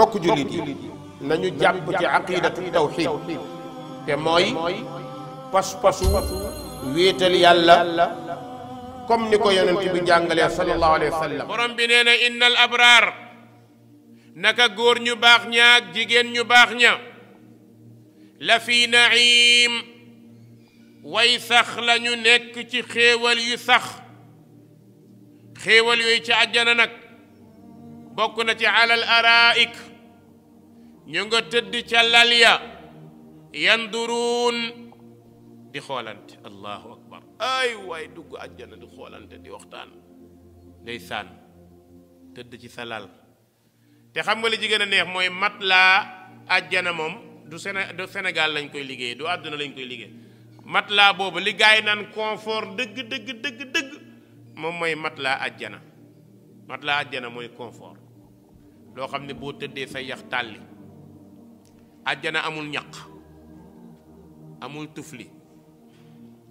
mbokk jullit yi nañu jàpp ci aqidatu tawxid te mooy pas-pasu wéetal yàlla comme ni ko yonent bi jàngalee sallallahu alayhi wa sallam borom bi nee na innal abraar naka góor ñu baax ña ak jigéen ñu baax ña la fi naim way sax lañu nekk ci xéewal yu sax xéewal yooyu ci àjjana nag bokk na ci alal araik ñu nga tëdd ca lal ya yanduruun di xoolante allahu akbar ay waay dugg àjjana di xoolante di waxtaan ndeysaan tëdd ci sa lal te xam nga li jigéen a neex mooy mat laa àjjana moom du Séné du lañ koy liggéey du àdduna lañ koy liggéey mat laa boobu li naan confort dëgg dëgg dëgg dëgg moom mooy mat laa àjjana mat laa àjjana mooy confort loo xam ne boo tëddee sa yax tàlli àjjana amul ñaq amul tufli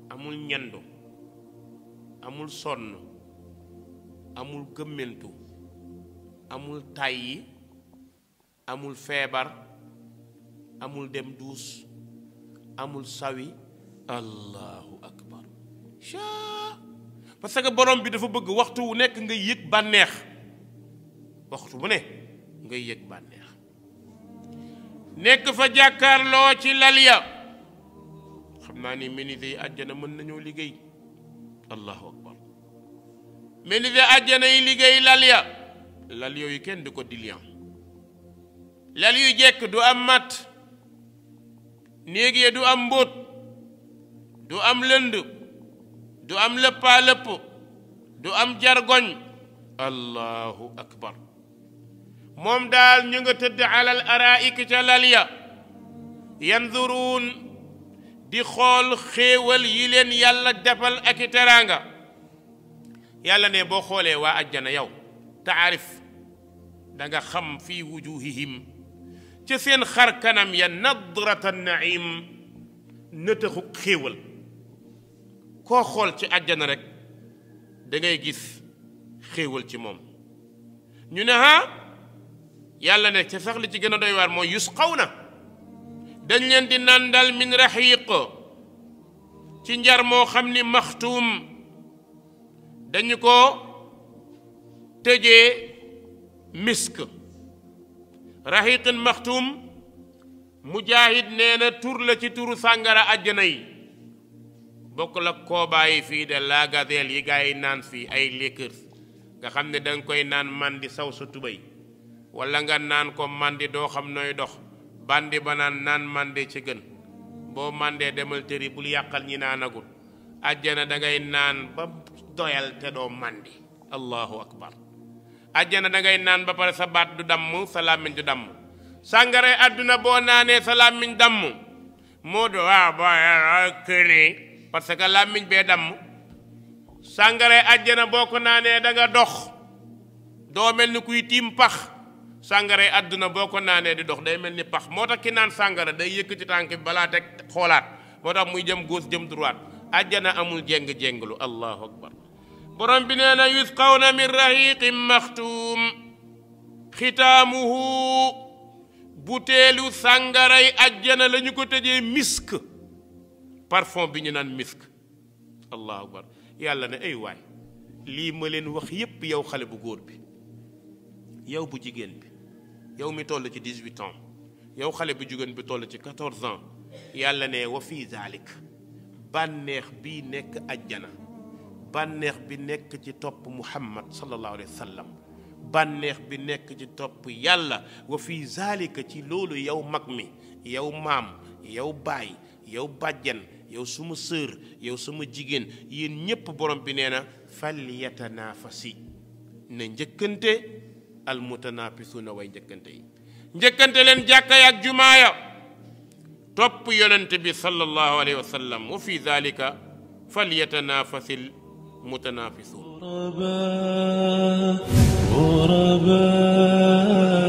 amul ñendu amul sonn amul gëmmentu amul tàyyi amul feebar amul dem duus amul sawi allahu akbar parce que borom bi dafa bëgg waxtu wu nekk ngay yëg bànneex waxtu bu ne ngay yëg bànneex nekk fa jàkkaarloo ci lal ya xam naa ni menuisier yi àjjana mën nañoo liggéey allahu akbar menuisier àjjana yi liggéey lal ya lal yooyu kenn du ko dilian lal yu jekk du am mat néeg ya du am mbóot du am lënd du am lëppaa lëpp du am jargoñ allahu akbar moom daal ñu nga tëdd alal araik ca lal ya yanzuruun di xool xéewal yi leen yàlla defal ak i teraanga yàlla ne boo xoolee waa ajjana yow taarif da nga xam fii wujuhihim ca seen xar kanam ya nadrata naim nëtëxu xéewal koo xool ci ajjana rek da ngay gis xéewal ci moom ñu ne ha yàlla ne ca sax li ci gën a doy waar mooy xaw na dañ leen di nandal min raxiq ci njar moo xam ni maxtuum dañu ko tëjee misk raxiqin maxtuum mujaahid nee na tur la ci turu sàngara àjjana yi bokk la koobaay yi fii de laagadeel yi gaa yi naan fii ay likkër nga xam ne danga koy naan man di saw sa tubéy wala nga naan ko màndi doo xam nooy dox bandi ba naan naan mànde ci gën boo màndee demal tëri bul yàqal ñi naanagul àjjana dangay naan ba doyal te doo màndi allahu akbar àjjana dangay naan ba pare sa baat du damm sa làmmiñ du damm sàngare àdduna boo naanee sa làmmiñ damm moo du waa boy parce que làmmiñ bee damm sàngare àjjana boo ko naanee danga dox doo mel ni kuy tiim pax sàngaray àdduna boo ko naanee di dox day mel ni pax moo tax ki naan sàngara day yëkkati tànk bi balaa xoolaat moo tax muy jëm góos jëm droite àjjana amul jéng-jénglu allahu akbar borom bi nee na yusqawna min rahiqin maxtuum xitaamuhu buteelu sàngaray àjjana la ñu ko tëjee misk parfum bi ñu naan misk allahu akbar yàlla ne ay waay lii ma leen wax yépp yow xale bu góor bi yow bu jigéen bi يوم تولى 18 عام يوم خالي بي جوغن بي 14 عام يالا ني وفي ذلك بانيخ بنك نيك اجانا بنك بي توب محمد صلى الله عليه وسلم بانيخ بنك نيك توب يالا وفي ذلك تي لولو يوم مكمي يوم مام يوم باي يوم باجن yow suma sœur yow suma jigéen yéen ñëpp borom bi nee na المتنافسون واي نجكنتي نجكنتي لن جاكا يا جمايا توب يولنت بي صلى الله عليه وسلم وفي ذلك فليتنافس المتنافسون غرباء غرباء